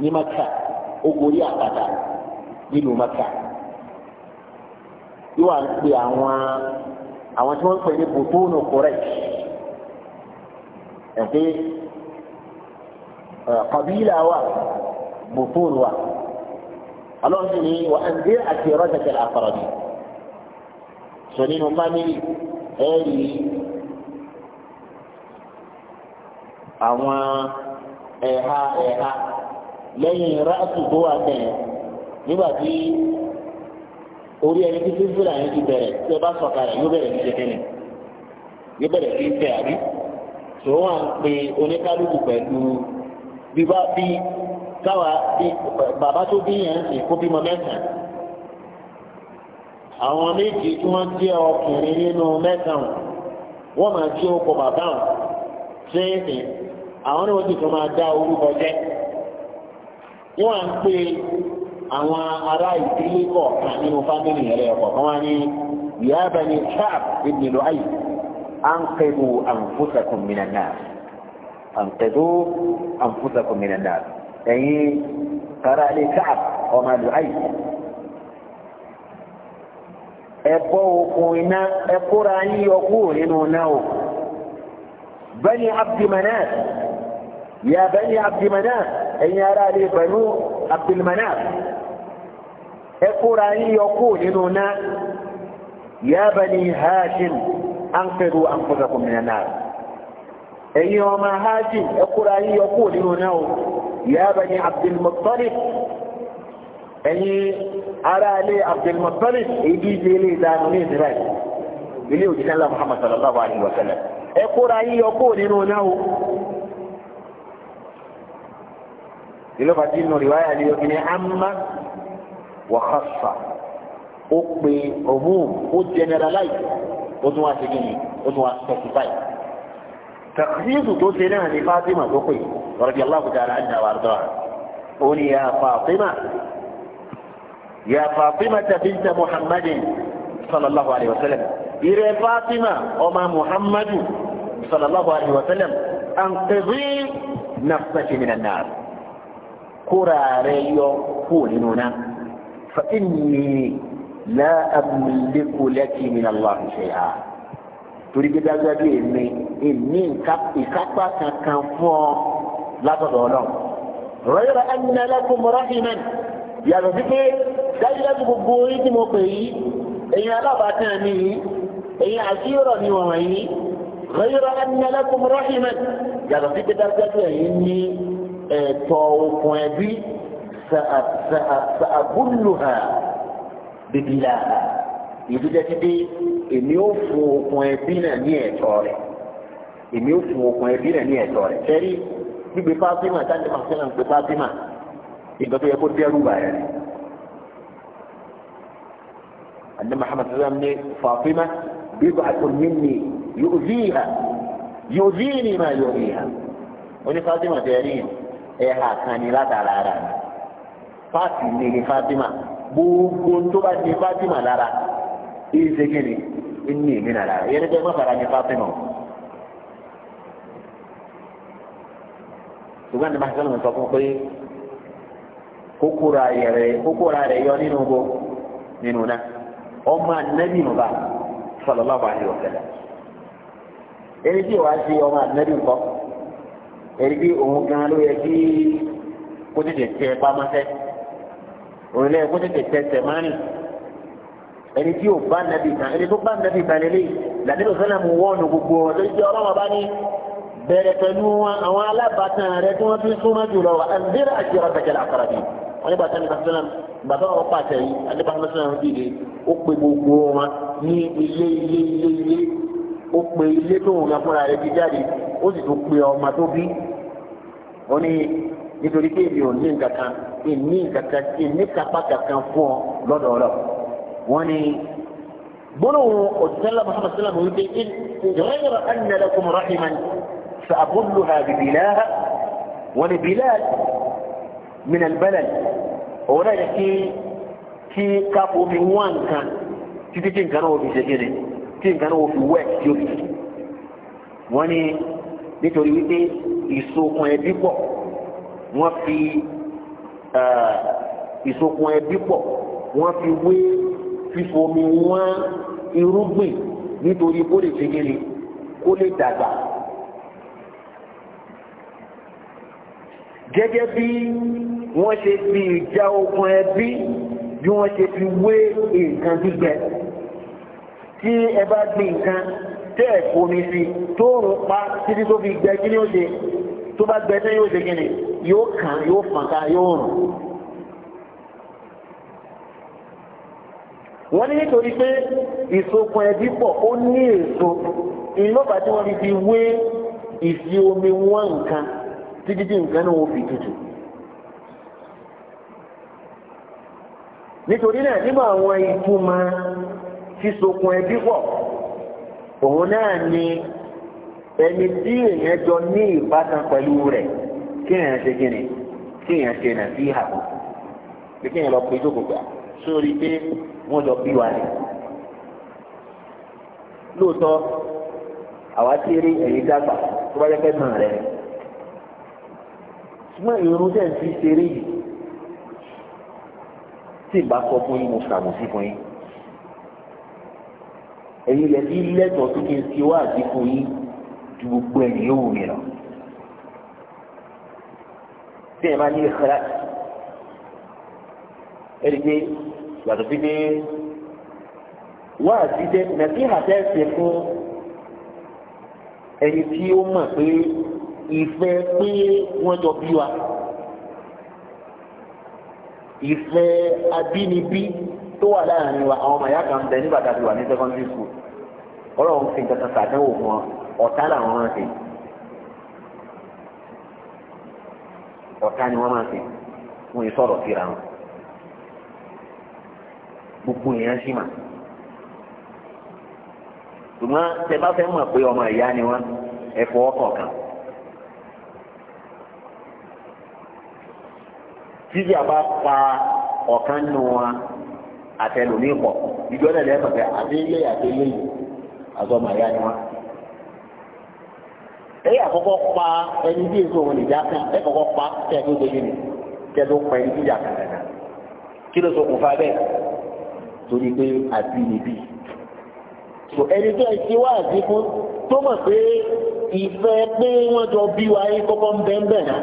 [SPEAKER 1] ní Maka ó gun orí àpáta nílùú Maka yóò wá ń pe àwọn àwọn tí wọ́n ń pè ní bùtúnù Quraysh ẹ̀fẹ́ kabila wa bùtún wa ọlọ́run ní wà á ń dé àti rọ́jà kẹlẹ́ àfọ̀rọ̀ àwọn ẹ̀ha ẹ̀ha lẹ́yìn ráàtù tó wà bẹ̀rẹ̀ nígbà tí orí ẹni tí fífúra yẹn ti bẹ̀rẹ̀ tí ẹ bá sọ̀ka rẹ̀ yóò bẹ̀rẹ̀ sí ṣẹkẹ́lẹ̀ yóò bẹ̀rẹ̀ sí tẹ̀ àbí tó wà ń pe oníkálukú pẹ̀lú bíbá bí káwa bí bàbá tó bí yẹn ń sìn kó bímọ mẹ́sàn-án àwọn méjì tí wọ́n jẹ́ ọkùnrin nínú mẹ́sàn-án wọ́n máa jẹ́ ọkọ̀ bàbá wọn ṣéèṣì àwọn náà ti tó máa dá orúkọ jẹ́ wọ́n wá ń pè àwọn ará ìdílé kọ̀ọ̀kan nínú fámìlì rẹ̀ kọ̀ọ̀kan wá ní ìyá bani Ka'b ibn Lu'ay anqidu anfusakum minan nar anqidu anfusakum minan nar ẹ̀yin ará ilé Ka'b ọmọ Lu'ay ẹ̀bọ́ okùn iná ẹ̀kúra yín kúrò nínú náà o Bani Abdi Manat. يا بني عبد مناف ان يرى لي بنو عبد المناف إقرأي يقول هنا يا بني هاشم انقذوا انفسكم من النار إن يوم هاشم إقرأي يقول هنا يا بني عبد المطلب إن ارى لي عبد المطلب يجي لي دانوني دراج يلي وجدنا محمد صلى الله عليه وسلم إقرأي يقول هنا ìlọ́pàá tí nù rìwáyà ni ó ní àmà wà kásà ó pe òmùm ó generalize ó tún wá sí kí ni ó tún wá specify tàkìsíìsù tó ṣe náà ni Fatima tó pè radiyallahu ta'ala anha wa ardọ́ra ó ní ya Fatima ya Fatima binta Muhammadin sallallahu alayhi wa sallam ìrẹ Fatima ọmọ Muhammadu sallallahu alayhi wa sallam àǹkẹ́bí nafsaki minan nar kóra rẹ yọ kó nínú náà fa inni la amliku laki min Allah shay'a torí pé dájúdájú èmi èmi ìkápá kankan fún ọ látọ̀dọ̀ ọlọ́run rẹ́rọ ẹnìyàlẹ́kùn mọ́rọ́hìmẹ́n yàtọ̀ sí pé dájúdájú gbogbo orí tí mo pè yí èyí alábàátàn mi yìí èyí àṣírọ̀ mi wọ̀nyí rẹ́rọ ẹnìyàlẹ́kùn mọ́rọ́hìmẹ́n yàtọ̀ sí pé dájúdájú èyí ní توقعي سأبلها ببلاها يجب أن يكون توقعي بنا نية توري يجب أن يكون توقعي بنا نية توري تري ببقى فيما تنبقى فيما ببقى فيما يكون فيها روبا يعني أن محمد سلام لي فاطمة بضعة مني يؤذيها يؤذيني ما يؤذيها وني فاطمة تارين ẹ̀hà kan ni látara rẹ̀ fáàtì Fatima gbogbo tó bá Fatima lára èyí kí ni ní èmi nà lára má fara ní Fatima. ṣùgbọ́n ní bàtà lọ́nà sọ fún pé kókóra rẹ̀ kókóra rẹ̀ yọ nínú gbó nínú náà ọmọ anabi nùbà sallallahu alaihi wa sallam ẹni tí wàá ṣe ọmọ anabi nǹkan. èyí bí òun gan ló yẹ kí kó tètè tẹ pamọ́sẹ́ òun lẹ́yìn kó tètè tẹ tẹ̀mánì ẹni tí ò bá nàbì kan ẹni tó bá nàbì kan lélẹ̀ làdínlò sọ́nà mú wọ́ọ̀nù gbogbo wọn lórí tí ọlọ́wọ́n bá ní bẹ̀rẹ̀ pẹ̀lú àwọn alábàtàn rẹ tí wọ́n fi súnmọ́ jùlọ àǹdíra àti ọ̀rọ̀ tẹ̀kẹ̀lẹ̀ àkàrà bíi wọ́n ní bàtà nípa sọ́nà bàtà wọn pàṣẹ yìí àdébàtà sọ́nà dìde ó pe gbogbo wọn ní ilé ilé ilé ilé ó pe ilé tóun gan fúnra rẹ̀ ti jáde ó sì tún pe ọmọ tó bí ó ní nítorí pé èmi ò ní nǹkan kan èmi nǹkan kan èmi kápá kankan fún ọ lọ́dọ̀ ọ̀rọ̀ wọ́n ní gbólóhùn òtítẹ́lá muhammad sallam wípé ìrẹ́yẹ̀rọ ẹnìyàlẹ́kùn rahiman sàbúlùhà bìbìláhà wọ́n ní bilal min albalal yẹ kí kí kápò mi wá nǹkan títí tí nǹkan náà wọ́n fi ṣe kéde tí nǹkan náà wò fi wẹ̀ tí ó fi tù wọ́n ní nítorí wípé ìsokùn ẹbí pọ̀ wọ́n fi ìsokùn ẹbí pọ̀ wọ́n fi wé fífomi wọ́n irúgbìn nítorí kó lè ṣe kéde kó lè dàgbà. gẹ́gẹ́ bí wọ́n ṣe fi ìjà okùn ẹbí bí wọ́n ṣe fi wé nǹkan gbígbẹ. tí ẹ bá gbin nǹkan tẹ́ ẹ̀ fomi sí tó rùn pa títí tó fi gbẹ kí ni ó ṣe tó bá gbẹ tẹ́ yóò ṣe kí ni yóò kàn yóò fànká yóò rùn. wọ́n ní nítorí pé ìsokùn ẹbí pọ̀ ó ní èso ìlọ́pàá tí wọ́n fi fi wé ìfi omi wọ́n nǹkan títí tí nǹkan náà fi tutù. nítorí náà àwọn ìtumọ̀ sísokùn ẹbí pọ̀ òun náà ni ẹni tí èèyàn jọ ní ìbátan pẹ̀lú rẹ̀ kí èèyàn ṣe kí ni kí èèyàn ṣe nà sí ìhàbò pé kí èèyàn lọ pe jókòó gbà sórí pé wọ́n jọ bí wa ni lóòótọ́ àwa ti rí ẹ̀yin dàgbà tó bá yẹ kẹ́ mọ̀ rẹ̀ ṣùgbọ́n irun tẹ̀ ń fi ṣeré yìí tí ìbá sọ fún yín mo ṣàmùsí fún yín ẹ̀yin lẹ bí lẹ́tọ̀ọ́ tó kí n fi wá àdínkù yín ju gbogbo ẹ̀yìn yóò mi lọ. tí ẹ bá ní ìkọlá ẹ rí i pé yàtọ̀ sí pé wá àdínkù nàbí àtẹ́sẹ̀ fún ẹni tí ó mọ̀ pé ìfẹ́ pé wọ́n jọ bí wa ìfẹ́ abínibí tó wà láàrin wa àwọn ọmọ ìyá kan bẹ nígbà tá a ti wà ní secondary school ọlọ́run fi kankan sàdánwò fún wọn ọ̀tá làwọn máa ń ọ̀tá ni wọ́n máa ń ṣe wọ́n yìí sọ̀rọ̀ síra wọn gbogbo èèyàn sì mà ṣùgbọ́n tẹ bá fẹ́ mọ̀ pé ọmọ ìyá ni wọ́n ẹ̀fọ́ ọkọ̀ọ̀kan. tíjà bá pa ọ̀kan nù wọn àtẹnumí pọ̀ ìjọ náà lẹ́yìn pẹ̀lú àti ilé àti ilé yìí àzọmọ àyà ni wọn. ẹyẹ àkọ́kọ́ pa ẹni bí èso òun lè já sí ẹ kọ́kọ́ pa kí ẹ tó débi ni kí ẹ tó pa ẹni bí ìjà kan nàná kí ló ṣokùnfà bẹ́ẹ̀ torí pé àti níbí. sọ ẹni tó ẹ ti wá àti fún tó mọ̀ pé ìfẹ́ pé wọ́n jọ bí wa yín kọ́kọ́ ń bẹ́ẹ̀ bẹ́ẹ̀ náà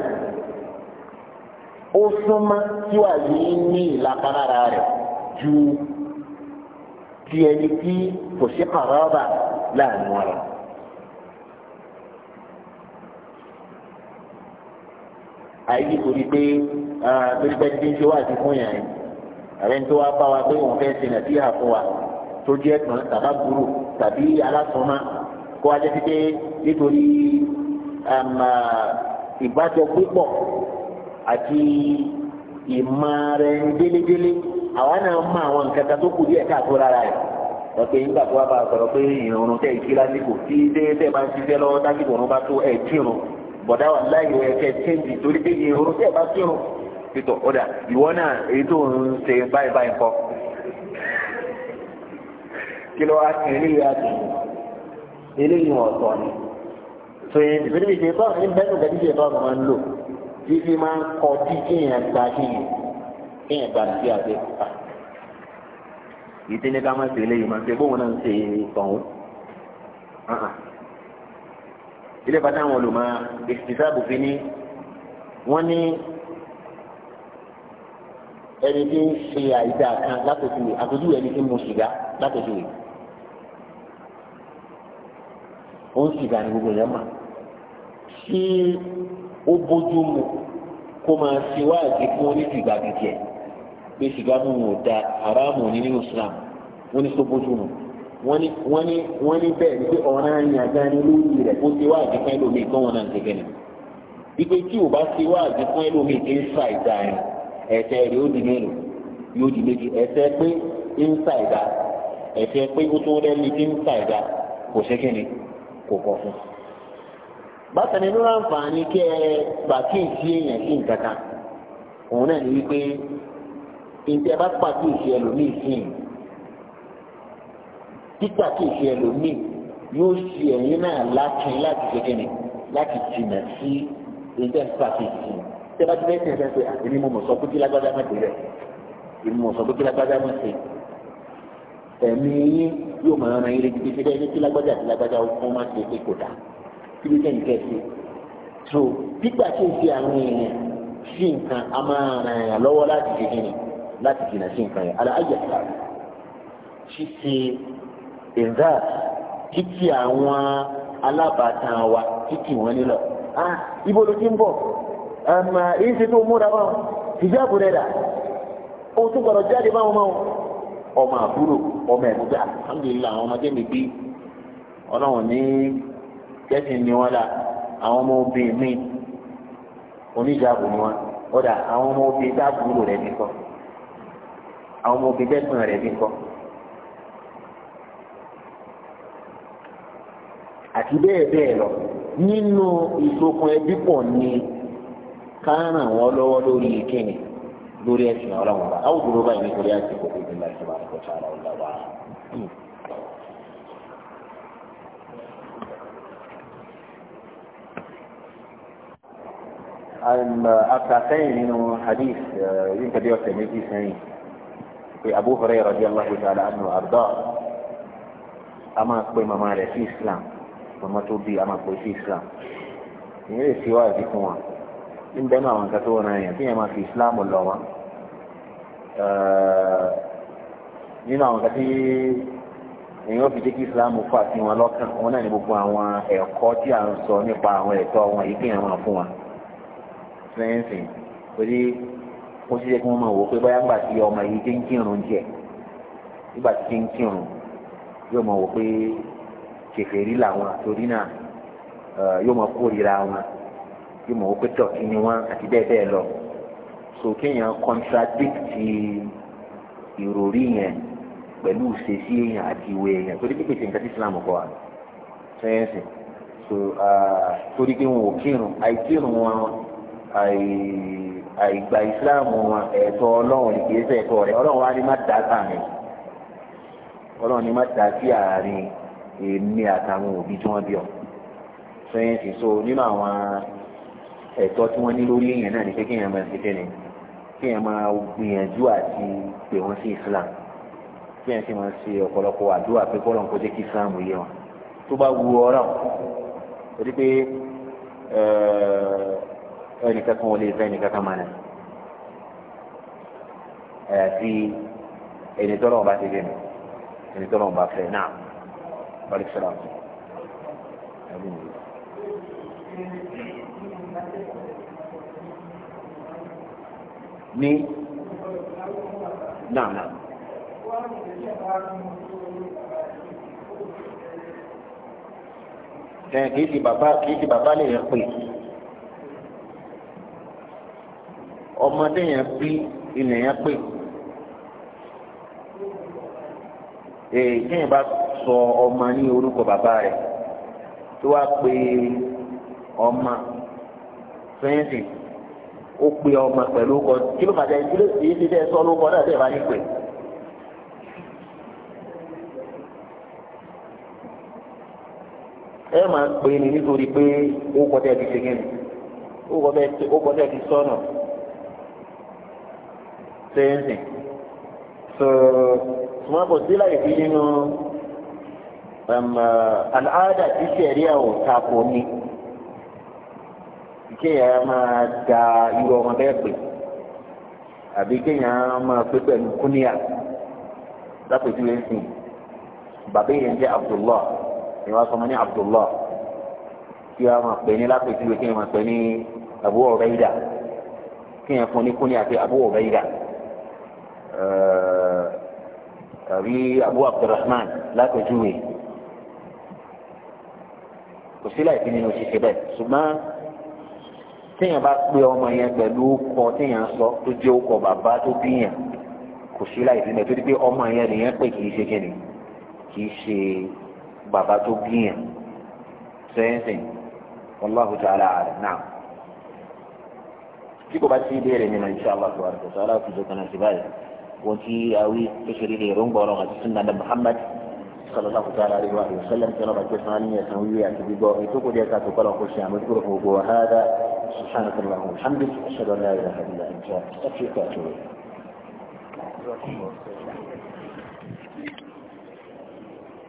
[SPEAKER 1] ó súnmọ́ tí wàá yìí ní ìlàkàrà rẹ̀ ju ti ẹni tí kò sí kàrọ́bà láàrin wọn lọ. àyíkí torí pé torí pé tí ń ṣe wáàdí fún yàn yìí àrẹ́ni tó wá bá wa pé òun fẹ́ ṣe nàìjíríà fún wa tó jẹ́ tàn tàbá burú tàbí alásùnmá kó wá jẹ́ pípé nítorí um, ìbájọ pípọ̀ àti ìmọ̀ rẹ̀ délédélé àwa náà mọ àwọn nǹkan kan tó kù díẹ̀ káàtó lára rẹ̀ ọ̀pẹ̀ nígbà tó wá bá a sọ̀rọ̀ pé ìrùn tẹ̀ kí lásìkò tí déédéé máa ń ṣiṣẹ́ lọ́wọ́ dásìkò ọ̀run bá tó ẹ̀ kírun bọ̀dá wà láyé ẹ̀kẹ́ tẹ́ǹtì torí pé ìrùn tẹ̀ bá kírun pítọ̀ ọ̀dà ìwọ náà èyí tó ń ṣe báyìí báyìí kọ́ kí ló wá sí eléyìí àti eléyìí wọn ọ̀tọ̀ ni tòyìn ìbílẹ̀ ìṣètọ́ ìbẹ́nu gẹ̀díṣètọ́ máa ń lò fífi máa ń kọ kéèyàn gba nàìjíríà pé pa yìí tí ní ká má ṣe eléyìí máa ṣe bóun náà ń ṣe tọ̀hún ilé bàtà àwọn olùmọ̀ ìfìsàbù fi ní wọn ní ẹni tí ń ṣe àìdá kan látòjúwe àtòjúwe ẹni tí ń mu sìgá látòjúwe ó ń sìgá ní gbogbo yẹn mà ṣé ó bójú mu kó máa ṣe wáàgì fún oníṣìgá gidi ẹ pé sìgá mímu ò da haramu ní nínú Islam wọ́n ní tó bójú mu wọ́n ní wọ́n ní wọ́n ní pé ọ̀ràn àyàn ni lórí rẹ̀ ó ti wá àdìpọ́n ẹlòmíì kán wọn náà ti gẹ̀ ni ipe tí ò bá ti wá àdìpọ́n ẹlòmíì ti ń fa ìdá yẹn ẹ̀sẹ̀ rẹ̀ ó di mélòó yóò di méjì ẹ̀sẹ̀ pé ń fa ìdá ẹ̀sẹ̀ pé ó tó rẹ́ni ti ń fa ìdá kò ṣe ni kò kọ̀ fún. bákan nínú àǹfààní kẹ́ ẹ gbà kí n fi èèyàn sí nǹkan òun náà ní wípé èyí ẹ bá pàkíyèsí ẹlòmíì sí i pípàkíyèsí ẹlòmíì yóò ṣe ẹ̀yìn náà lákin láti kékeré láti jìnà sí èyí tẹ́ ń pàkíyèsí tẹ́ bá ti bẹ́ẹ̀ tẹ́ ń sẹ́sẹ́ àtẹ́ni mo mọ̀ sọ pé kí lágbádá má dé rẹ̀ èmi mọ̀ sọ pé kí lágbádá má ṣe ẹ̀mí yín yóò máa ran eré títí fi dẹ́gbẹ́ kí lágbádá àti lágbádá ọkùnrin má ṣe pé kò dáa kí ló tẹ̀ ń kẹ́sì so pípàkíyèsí àwọn èèyàn sí nǹkan a máa ràn yàn lọ́wọ́ láti kékeré láti jìnnà sí nǹkan yẹn aláàjẹ ṣíṣe ìdá títí àwọn alábàtàn wa títí wọn nílọ ah ibo ló ti ń bọ̀ àmà èyí ṣe tó múra wọn ìjáàbù rẹ dà ohun tó gbọ́dọ̀ jáde báwọn máa ọmọ àbúrò ọmọ ẹ̀gbọ́n alhamdulilayi àwọn ọmọdé mi bí ọlọ́run ní jẹ́sìn ni wọ́n la àwọn ọmọ obìnrin mi oníjàbù ni wọ́n ọ̀dà àwọn ọmọ obìnrin dáàbò rẹ̀ nìkan àwọn ọmọ òbí bẹ́sùn rẹ̀ bí kọ́. àti bẹ́ẹ̀ bẹ́ẹ̀ lọ nínú ìsokùn ẹbí pọ̀ ni ká ràn wọ́n lọ́wọ́ lórí ìkíni lórí ẹ̀sìn ọlọ́run ọba àwọn òdòdó báyìí nítorí àsìkò tó ti láti máa kọ́ sára ọ̀la wa. àkàtẹ́yìn hmm. uh, nínú hadith yìí ń tẹ̀lé ọ̀sẹ̀ méjì sẹ́yìn. pé Abu Hurairah radiyallahu ta'ala anhu àdọ́ a máa Islam a máa pè Islam ìyẹn lè ṣe wáyé fún wa ń bẹ́ẹ̀ náà àwọn nǹkan tó ràn yàn kí wa ó sì yẹ kí wọ́n máa wò pé báyà ń gbà tí ọmọ yìí ti ń kírun jẹ nígbà tí ti ń kírun yóò máa wò pé kèfèrí làwọn àtòrí náà yóò máa kórìíra wọn yóò máa wò pé tọ̀kí ni wọ́n àti bẹ́ẹ̀ bẹ́ẹ̀ lọ so kéèyàn contradict ìròrí yẹn pẹ̀lú ìṣesí èèyàn àti ìwé èèyàn torí pé kèsì nǹkan tí Islam kọ́ wa sẹ́yìnsì so torí pé wọn ò kírun àìkírun wọn àì àìgbà ìsìláàmù wọn ẹ̀tọ́ ọlọ́run kì í ṣe ẹ̀tọ́ rẹ̀ ọlọ́run wá ní má dá sáàrin ọlọ́run ní má da sí àárín èmi àtàwọn òbí tí wọ́n bí ọ sẹ́yìn sì so nínú àwọn ẹ̀tọ́ tí wọ́n ní lórí èèyàn náà ni pé kéèyàn máa ṣe kéèyàn kéèyàn máa gbìyànjú àti pè wọ́n sí islam kéèyàn sì máa ṣe ọ̀pọ̀lọpọ̀ àdúrà pé kọ́lọ̀ kó jẹ́ kí islam yé wọn tó bá wu ọ̀rọ̀ ẹnìkan kan ò lè fẹ́ ẹnìkan kan mọ̀nà àyàfi ẹni tọ́lọ̀ ọba ti dẹnu ẹni tọ́lọ̀ ọba fẹ́ náà wàlẹ̀ sọ̀rọ̀ àti ẹ̀bùn mi. ní náà náà. kìí ti bàbá lè yẹn pè é. ọmọdé yẹn bí ilẹ̀ yẹn pè èyí kéèyàn bá sọ ọmọ ní orúkọ bàbá rẹ̀ tó wá pé ọmọ fẹ́ǹsì ó pe ọmọ pẹ̀lú ọkọ kí ló fàjà ìdílé èyí ti dẹ́ sọ lóko náà dẹ́ bá ní pè. ẹ máa ń pè ní nítorí pé ó kọ́ ti ṣe kí ni ó kọ́ tẹ́ ti sọ́nà sẹ́yìnsìn so wọn kò sí láì fi nínú um, àlàáda tí sẹ̀ríà ò takò ní kéèyàn máa da irú ọmọ bẹ́ẹ̀ pè àbí kéèyàn máa pé pẹ̀lú kúníà lápẹ̀jùwé sìn bàbá yẹn jẹ́ Abdullah ìwà sọmọ ní Abdullah kí wọ́n máa pè ní lápẹ̀jùwé kí wọ́n máa pè ní Abu Ubaida kí wọ́n fún ní kúníà pé Abu Ubaida àbí eh, abu abdulrahman lápẹjúwe kò sí láì fi nínú ṣíṣe bẹ́ẹ̀ ṣùgbọ́n téèyàn bá pé ọmọ yẹn pẹ̀lú ọkọ téèyàn sọ tó jẹ́ ọkọ bàbá tó bíyàn kò sí láì fi nínú tó di pé ọmọ yẹn nìyẹn pé kì í ṣe kíni kì í ṣe bàbá tó bíyàn sẹ́yìnsìn wallahu ta'ala a'lam náà tí kò bá sí ìbéèrè nínú insha Allah tó wà lọ́sọ̀ọ́ aláwọ̀ tó jẹ́ kan sí báyìí. وفي أوي تشري لي رنبا ورغة محمد صلى الله تعالى عليه وآله وسلم كان رجل ثاني يسوي يأتي بقوة تقول يا كاتب قلق الشام اذكره هو هذا سبحانك اللهم وبحمدك أشهد أن لا إله إلا أنت أستغفرك وأتوب
[SPEAKER 2] إليك